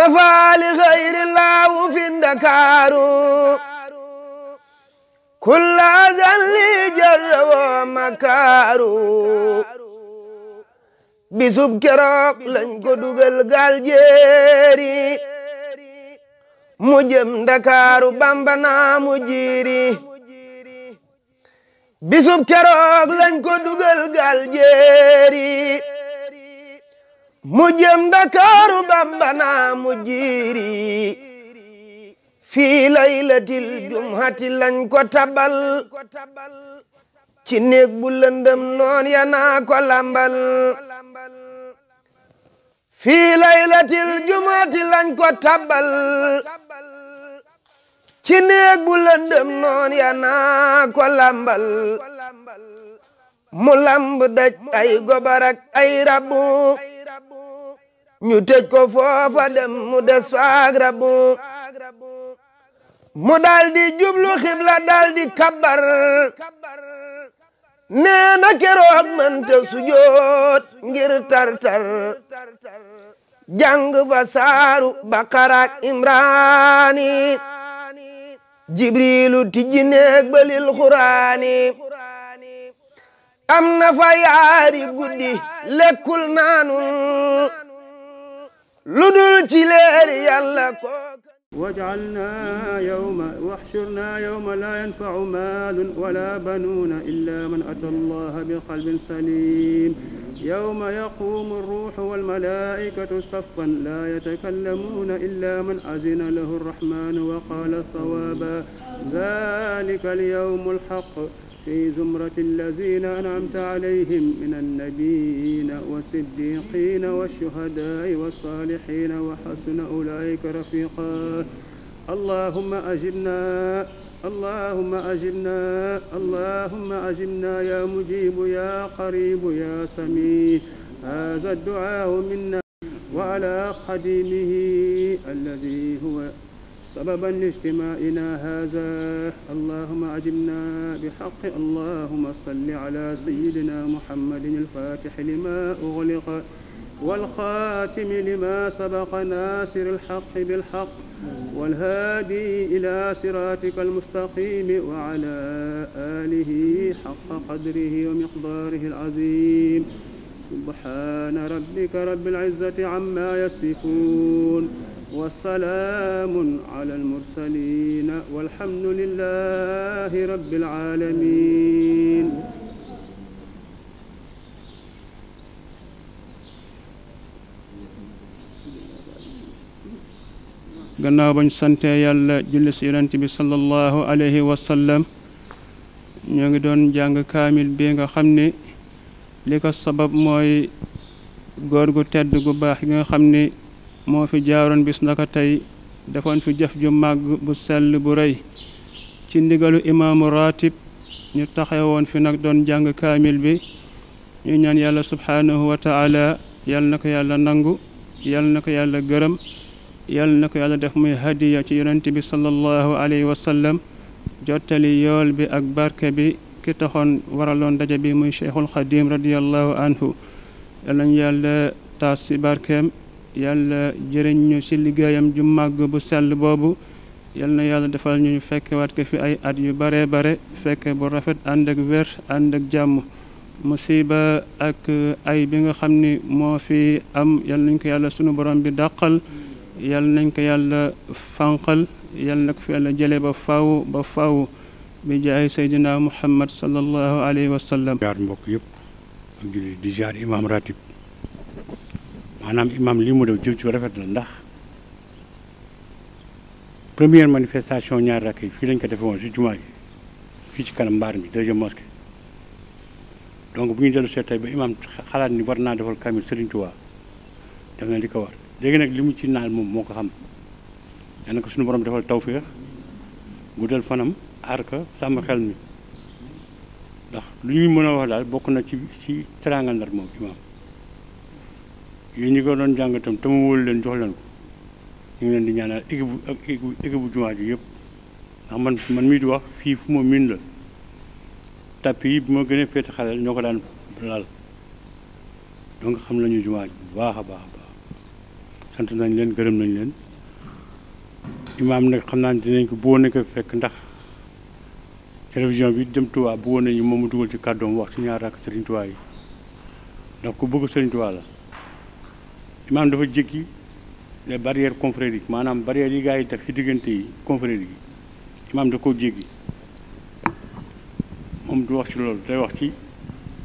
nafaali xayrillaahu fi ndakaaru kulla zalli jarrawo makaaru bisub keroog lañ ko dugal gaal mu jëm ndakaaru bamba naa mu jiiri bisub keroog lañ ko dugal gaal mu jëm Dakar bambana mu jiiri fii laylatil jumhati lañ ko tabal ci néeg bu lëndëm noon ya ko lambal mu lamb daj ay gobarak ay rabu ñu tëj foofa dem mu des faag mu daal jublu xibla daal di kabar keroog mënta sujoot ngir tartar jàng fa saaru baqaraak imraani jibrilu tijji neeg balil am na fa yaari guddi lekkul naanul lu dul ci leer yàlla kooka waj'alnaa yawma wahshurnaa yawma laa yanfa'u maalun walaa banuuna illaa man ataa Allaha bi qalbin saliim yawma yaquumu ruuhu wal malaa'ikatu saffan laa yatakallamuuna illaa man azina lahu arrahmaanu wa qaala sawaabaa zaalika al yawmul haqq في زمرة الذين أنعمت عليهم من النبيين والصديقين والشهداء والصالحين وحسن أولئك رفيقا اللهم أجبنا اللهم أجبنا اللهم أجبنا يا مجيب يا قريب يا سميع هذا الدعاء منا وعلى خديمه الذي هو سببا لاجتماعنا هذا اللهم أجبنا بحق اللهم صل على سيدنا محمد الفاتح لما أغلق والخاتم لما سبق ناصر الحق بالحق والهادي إلى صراطك المستقيم وعلى آله حق قدره ومقداره العظيم سبحان ربك رب العزة عما يصفون وسلام على المرسلين والحمد لله رب العالمين gannaaw bañ sante yàlla julli si yonent bi sallallahu alayhi wa ñoo ngi doon jàng kaamil bi nga xam ne li ko sabab mooy góor gu tedd gu baax gi nga xam ne moo fi jaaroon bis naka tey defoon fi jëf ju màgg bu sell bu rëy ci ndigalu imaamu ratib ñu taxewoon fi nag doon jàng kaamil bi ñu ñaan yàlla subhaanahu wa taala yal na ko yàlla nangu yal na ko yàlla gërëm yal na ko yàlla def muy hadiya ci yonent bi sallallahu alayhi wa bi ak barke bi ki taxoon waraloon daje bi muy cheikhul xadim radiallahu yàlla taas si barkeem yàlla jëriñ ñu ci liggéeyam ju màgg bu sell boobu yal na yàlla defal ñu ñu fekkewaat ko fi ay at yu bare bare fekke bu rafet ànd ak wér ànd ak jàmm musiba ak ay bi nga xam ni moo fi am yal nañ ko yàlla sunu borom bi dàqal yal nañ ko yàlla fànqal yal na ko fi yàlla jële ba faw ba faw bi jaay seydina muhammad sallallahu alayhi wa sallam mbokk yëpp maanaam imam li mu def jëf ci rafet la ndax première manifestation ñaari rakk yi fii lañ ko defee woon si jumaa ji fii ci kanam mbaar mi deuxième mosquée donc bu ñu dellu seet ba imam xalaat ni war naa defal kamil Serigne Touba def na li ko war léegi nag li mu ci naan moom moo ko xam yàlla na ko suñu borom defal tawféex del fanam aar ko sàmm xel mi ndax lu ñuy mën a wax daal bokk na ci ci teraanga Ndar moom imam yooyu ñi ko doon jàng itam te mu wóolu leen jox leen ko ñu leen di ñaanal équipe bu ak bu jumaa ji yëpp ndax man man mii di wax fii fu ma miin la tapis yi bi ma gën a féete xale ñoo ko daan laal donc xam nañu jumaa ji bu baax a baax a baax sant nañ leen gërëm nañ leen imaam nag xam naa ne dinañ ko boo na ko fekk ndax télévision bi dem Tuubaa bu woon nañu moom mu dugal ci kàddoom wax ci ñaar rakk Sëriñ Tuubaa yi ndax ku bëgg Sëriñ Tuubaa la imaam dafa jékki les barrières confrériques maanaam barrières yi gars yi def ci diggante yi confrérie yi imaam da koo jéggi moom du wax ci loolu day wax ci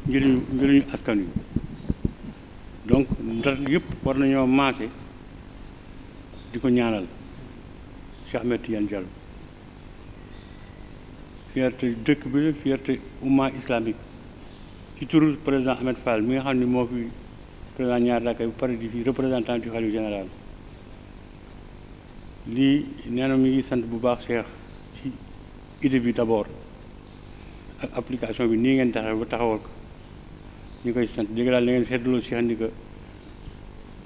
njëriñu njëriñu askan wi donc ndar yëpp war nañoo maase di ko ñaanal Cheikh Ahmed Tidiane Diallo fierté dëkk bi fierte fierté umma islamique ci turu président Ahmed Fall mi nga xam ni moo fi président ñaar rakkay bu di fi représentant du xalif général lii nee na mi ngi sant bu baax Cheikh ci idée bi d'abord ak application bi nii ngeen taxaw ba taxawal ko ñu koy sant dégg daal na ngeen seetloo Cheikh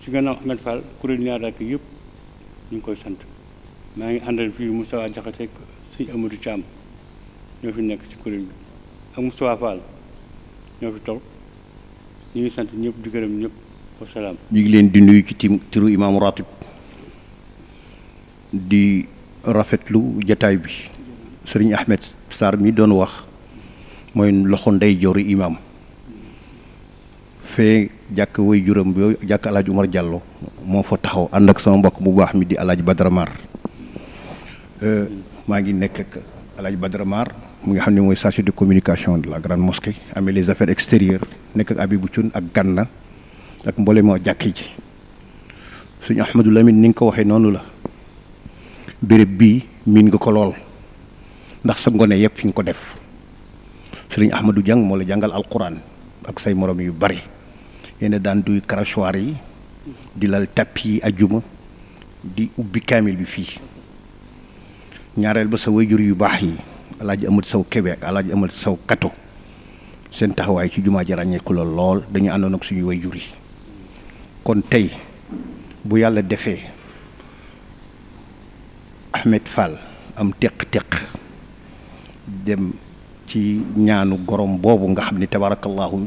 ci gannaaw Ahmed Fall kuréel ñaar rakk yépp ñu ngi koy sant maa ngi àndal fii Moustapha Diakhaté ak sëñ Amadou Thiam ñoo fi nekk ci kuréel bi ak Moustapha Fall ñoo fi toog ñu ngi sant ñëpp di ñëpp wasalaam. ñu ngi leen di nuyu ci turu imam ratib di rafetlu jataay bi sëriñ Ahmed Sarr mii doon wax mooy loxo ndey jooru imam fee jàkk way juróom bi jàkk alaaj Umar Diallo moo fa taxaw ànd ak sama mbokk bu baax mi di alaaj Badara Mar euh, maa ngi nekk ak alaaj Badara Mar mu nga xam ne mooy chargé de communication de la grande mosquée amee les affaires extérieures nekk ak bu Thioune ak Ganna ak mboole moo jàkki ji suñu Ahmadou Lamine ni nga ko waxee noonu la béréb bii miin nga ko lool ndax sa ngone yëpp fi nga ko def sëriñ Ahmadou jàng moo la jàngal alquran ak say morom yu bari yéen daan duy crachoir yi di lal tapis yi ajjuma di ubbi kaamil bi fii ñaareel ba sa jur yu baax yi alaaji amat saw kebe ak alaaji amat saw kato seen taxawaay ci jumaa ji ràññeeku la lool dañuy àndoon ak suñu way jur kon tey bu yàlla defee Ahmed Fall am teq-teq dem ci ñaanu gorom boobu nga xam ne tabaarakallaahu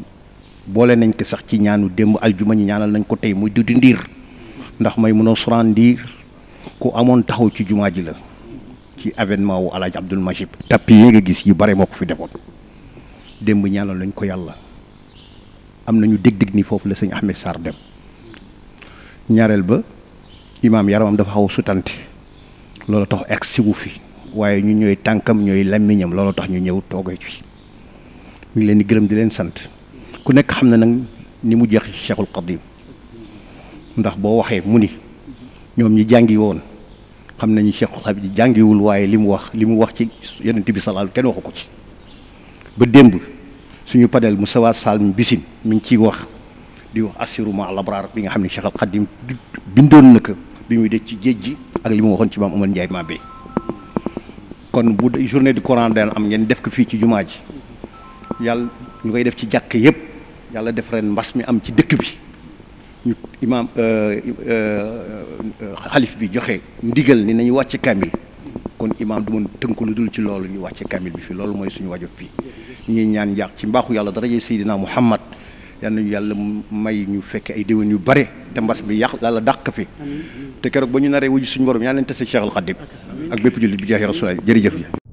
boole nañ ko sax ci ñaanu démb aljuma ñi ñaanal nañ ko tey muy Doudou Ndir ndax may mënoo suraan ndiir ku amoon taxaw ci jumaa ji la ci avènement wu alaaj Abdul Majib tapis yi nga gis yu bare moo ko fi defoon démb ñaanal lañ ko yàlla am nañu dég-dég ni foofu la sëñ Ahmed Sarr dem ñaareel ba imaam yaramam dafa xaw sutanti loolu tax egg siwu fi waaye ñu ñooy tànkam ñooy làmmiñam loolu tax ñu ñëw toogee fi ñu ngi leen di gërëm di leen sant ku nekk xam na nag ni mu jeex Cheikhul Qadim ndax boo waxee mu ni ñoom ñi jàngi woon xam nañu Cheikhul Qadim jàngiwul waaye li mu wax li mu wax ci yonent bi salaal kenn waxu ko ci ba démb suñu padel mu sawaat saal mi bisin mi ngi ciy wax di wax assiru ma labraar bi nga xam ne Cheikh al Khadim bindoon na ko bi muy dëj ci géej gi ak li mu waxoon ci maam Omar maa bay kon bu journée du Coran am ngeen def ko fii ci jumaa ji yàlla ñu koy def ci jàkk yëpp yàlla def ren mbas mi am ci dëkk bi ñu imaam euh, euh, xalif bi joxe ndigal ni nañu wàcce kamil kon imaam du mën tënku lu dul ci loolu ñu wàcce kamil bi fii loolu mooy suñu wajof fii ñu ñaan yàq ci mbaaxu yàlla dara daraje Seydina Muhammad yal nañu yàlla may ñu fekkee ay déwén yu bare te mbas bi yàq yàlla dàq fi te keroog ba ñu naree wuju suñu borom yal nañu tase Cheikh Al Khadim ak bépp jullit bi jaahi Rasulullah jërëjëf ji